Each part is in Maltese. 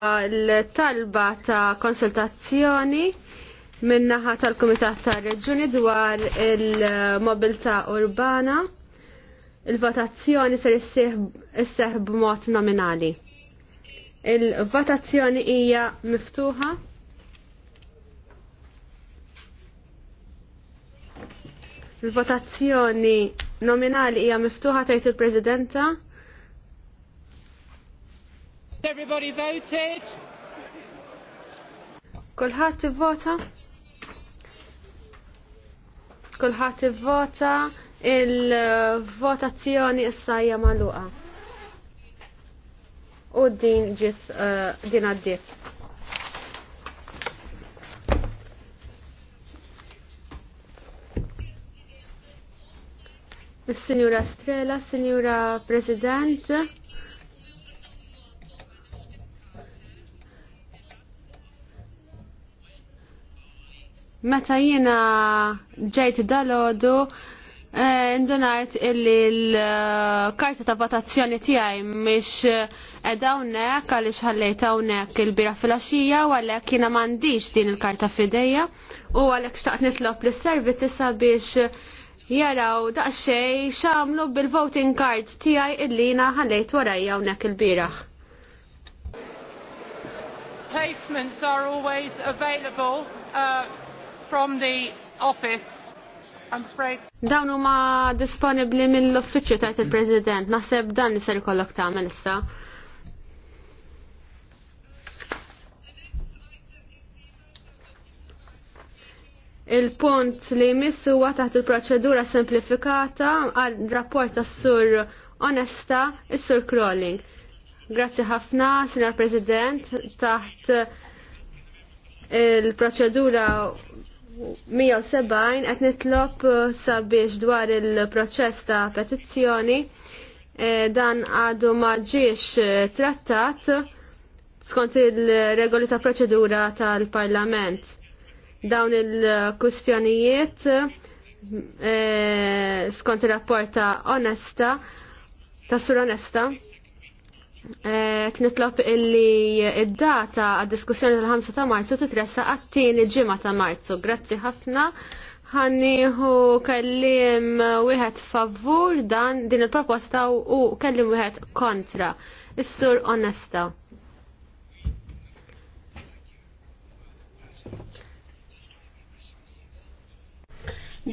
l-talba ta' konsultazzjoni minnaħa tal-Kumitat ta' Reġuni dwar il-mobilta urbana. Il-votazzjoni ser isseħ b'mod nominali. Il-votazzjoni hija miftuħa. Il-votazzjoni nominali hija miftuħa tajt il-Presidenta. Everybody voted. Kulħadd vota. Kulħadd vota il-votazzjoni issa hija magħluqa. U din ġiet eh, din għaddiet. Is-Sinjura Strela, Sinjura President, Meta jiena ġejt dal-ħodu, eh, Ndunajt illi l-karta ta' votazzjoni tiegħi miex edha eh, hawnhekk għaliex ħallejt hawnhekk il-bira filgħaxija u għalhekk jiena m'għandix din il-karta f'idejja u għalhekk xtaqt nitlob lis-servizzi sabiex jaraw daqsxejn xamlu bil-voting card tiegħi illi jiena għallejt warajja hawnhekk il-bieraħ. Placements are always available. Uh from the office. I'm afraid. Dawn huma disponibbli mill-uffiċċju tajt il-President. Naħseb dan li ser ikollok tagħmel issa. Il-punt li jmiss huwa taħt il-proċedura semplifikata għal rapport tas-sur Onesta, is-sur Crawling. Grazzi ħafna, Sinar President, taħt il-proċedura 170 qed nitlob uh, sabiex dwar il-proċess ta' petizzjoni eh, dan għadu ma ġiex eh, trattat skont il-regoli ta' proċedura tal-Parlament. Dawn il-kustjonijiet eh, skont il rapporta onesta, ta' sur onesta, Tnitlob eh, illi id-data għad-diskussjoni tal-5 ta' marzu titressa għattini ġimma ta' marzu. Grazzi ħafna. Ħanniħu kellim wieħed favur dan din il-proposta u kellim wieħed kontra. Is-sur onesta.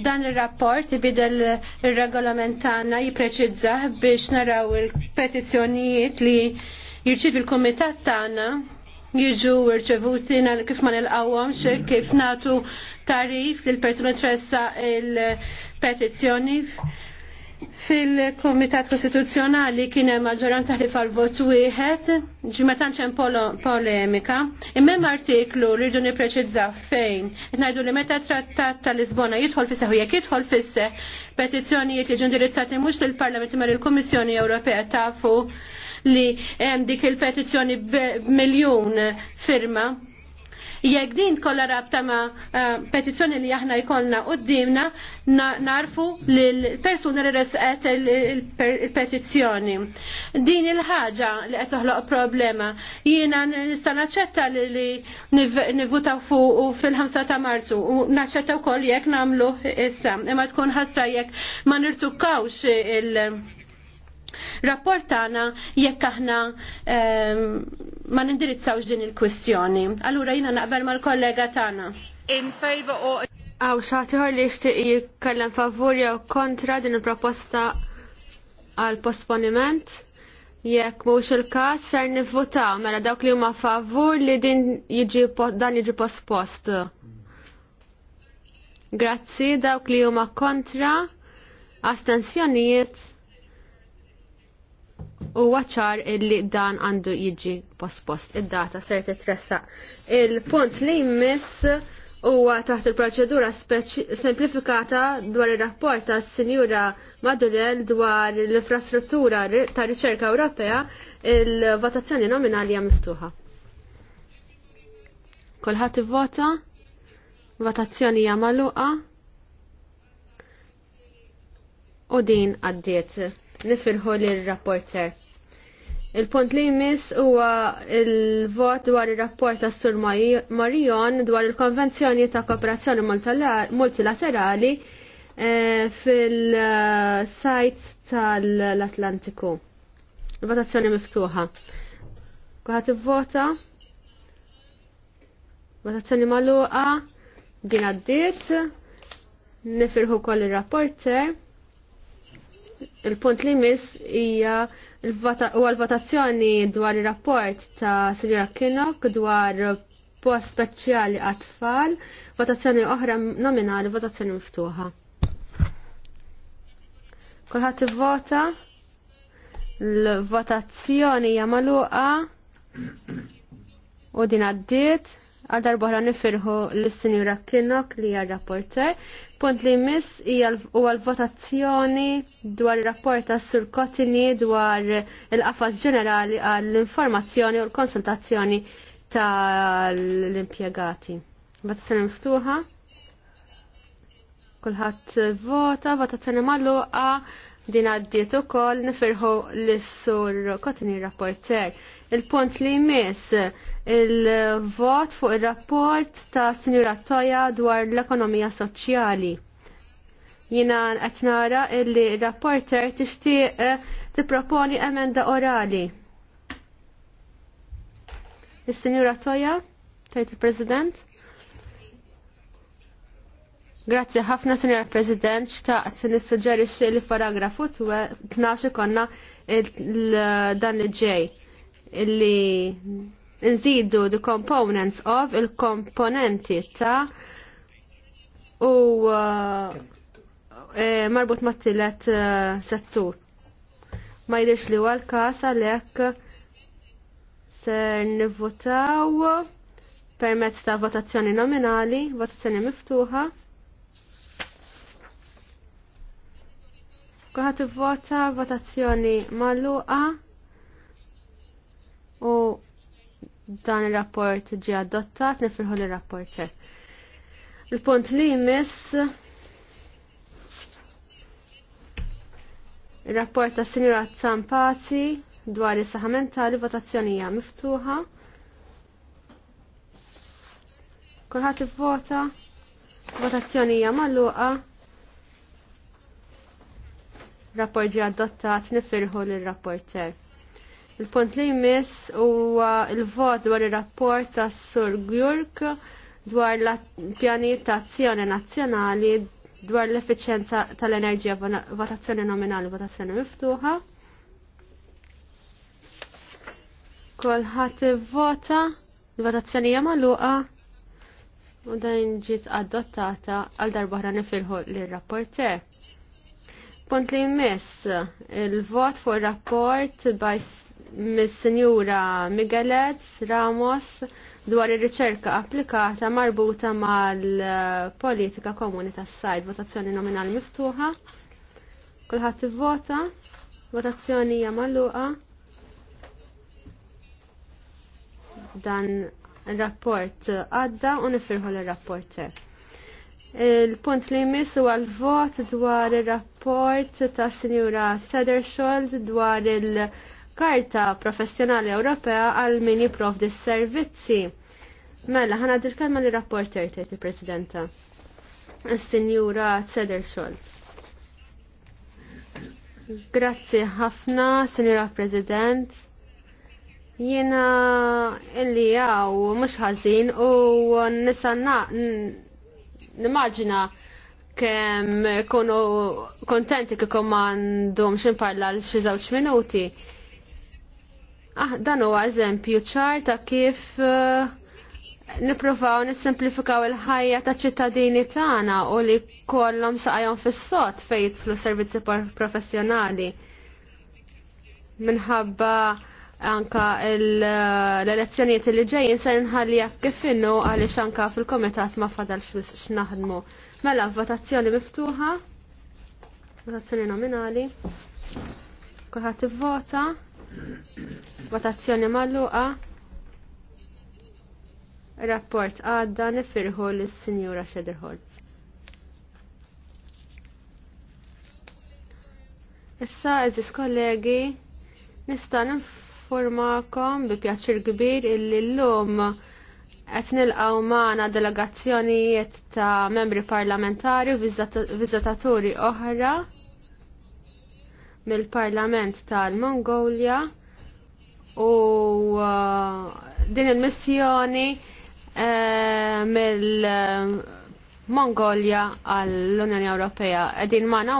Dan il-rapport ibidel il-regolament tagħna jippreċizzah biex naraw il-petizzjonijiet li jirċiv il-kumitat tagħna jiġu rċevuti kif ma nilqawhomx kif natu tarif lil persuna tressa il petizjoni Fil-Komitat Kostituzzjonali kien hemm maġġoranza li fal-vot wieħed, ġi ma tantx hemm polemika. Imma artiklu rridu nippreċizzaw fejn. Qed ngħidu li meta trattat ta' Lisbona jidħol fis jekk jidħol fis petizzjonijiet li ġu indirizzati mhux lill-Parlament imma lill-Kummissjoni Ewropea tafu li hemm dik il-petizzjoni b'miljun firma Jekk din kollha rabta ma' eh, petizzjoni li aħna jkollna qudiemna narfu l-persuna li resqet il-petizzjoni. Din il-ħaġa li qed toħloq problema. Jiena nista' naċċetta li nivvutaw fuq fil-5 ta' Marzu u naċċetta wkoll jekk nagħmlu issa. Imma tkun ħassa jekk ma nirtukkawx il- rapport tagħna jekk aħna ehm, ma nindirizzawx din il-kwistjoni. Allura jina naqbel mal-kollega tagħna. In favor or... Aw, xaħtiħor li xtiq jikkellem favur jew kontra din il-proposta għal posponiment. Jekk mhux il-każ ser nivvutaw mela dawk li huma favur li din jiġi dan jiġi pospost. Grazzi dawk li huma kontra astensjonijiet u għacċar illi dan għandu jiġi post-post id-data ser titressa. Il-punt li jmiss huwa taħt il-proċedura semplifikata dwar ir-rapport tas sinjura Madurell dwar l-infrastruttura ta' riċerka Ewropea il-votazzjoni nominali hija miftuħa. Kulħadd ivvota, votazzjoni hija magħluqa u din għaddiet nifirħu l-rapporter. Il-punt li jmiss huwa il-vot dwar ir-rapport tas Sur Marion dwar il-Konvenzjoni ta' Kooperazzjoni Multilaterali eh, fil-sajt tal-Atlantiku. Il-votazzjoni miftuħa. Kuħat vota Votazzjoni maluqa. Din għaddiet. Nifirħu koll ir rapporter il-punt li miss hija l-votazzjoni dwar ir-rapport ta' Sinjora Kinnok dwar post speċjali għat-tfal, votazzjoni oħra nominali, votazzjoni miftuħa. Kulħadd ivvota l-votazzjoni hija magħluqa u din għaddiet. Għadar boħra nifirħu l-Sinjura Kinnok li hija rapporter. Punt li mis huwa l-votazzjoni dwar ir-rapport sur Kotini dwar il-qafas ġenerali għall-informazzjoni u l-konsultazzjoni tal-impjegati. Votazzjoni miftuħa. Kulħadd vota, votazzjoni magħluqa Din għaddiet ukoll nifirħu l-sur kotni rapporter. Il-punt li jmiss il-vot fuq il-rapport ta' Sinjura Toja dwar l-ekonomija soċjali. Jina qed nara li rapporter tixtieq eh, tipproponi emenda orali. Is-Sinjura Toja, tajt il-President? Grazzi ħafna, Senjor President, xtaqt nissuġġerixxi li paragrafu 12 konna dan il-ġej illi nżidu the components of il-komponenti ta' u uh, e, marbut ma' tillet uh, settur. Ma jidirx li għal kasa lek ser nivvotaw permezz ta' votazzjoni nominali, votazzjoni miftuħa. Kuħat vota votazzjoni maluqa u dan il-rapport ġi adottat nifirħu l rapport Il-punt li jmiss il-rapport ta' Sinjura Zampazi dwar is-saħament mentali votazzjoni hija miftuħa. Kulħadd ivvota, votazzjoni hija magħluqa rapport ġi adottat nifirħu l-rapporter. Il-punt li jmiss huwa il-vot dwar ir-rapport ta' Sur Gjurk dwar l pjani ta' azzjoni nazzjonali dwar l efficienza tal-enerġija votazzjoni nominali votazzjoni miftuħa. Kolħat vota l-votazzjoni hija magħluqa u dan ġiet adottata għal darba ħra nifirħu lir-rapporter. Punt li jmiss, il-vot fuq rapport mis-Sinjura Miguelet Ramos dwar ir-riċerka applikata marbuta mal-politika komuni tas-sajd, votazzjoni nominali miftuħa. Kulħadd ivvota, votazzjoni hija magħluqa. Dan ir-rapport għadda u nifirħu l hekk. Il-punt li jmiss huwa l-vot dwar ir-rapport ta' Sinjura Sederschold dwar il-Karta Professjonali Ewropea għal min prof di servizzi Mela, ħana ma li rapporter tgħid il-Presidenta. Sinjura Sederschold. Grazzi ħafna, Sinjura President. Jiena illi għaw mux ħażin u nisa nimmaġina kem konu kontenti kik għandhom ximparla l-xi żewġ minuti. Ah, dan huwa eżempju ċar ta' kif eh, niprofaw nissimplifikaw il-ħajja ta' ċittadini tagħna u li kollhom saqajhom fis-sod fejn jidħlu servizzi professjonali. Minħabba anka eh, l-elezzjonijiet li ġejjin se nħalli jekk kif innu għaliex anka fil-komitat ma fadalx x'naħdmu. Mela votazzjoni miftuħa, votazzjoni nominali, kulħadd ivvota, votazzjoni magħluqa. Rapport għadda nifirħu l-Sinjura Shederholz. Issa, eżis kollegi, nista' informakom bi pjaċir kbir illi l-lum qed nilqgħu magħna delegazzjonijiet ta' membri parlamentari u viżitaturi oħra mill-Parlament tal-Mongolia u uh, din il-missjoni uh, mill-Mongolia għall-Unjoni Ewropea. Edin magħna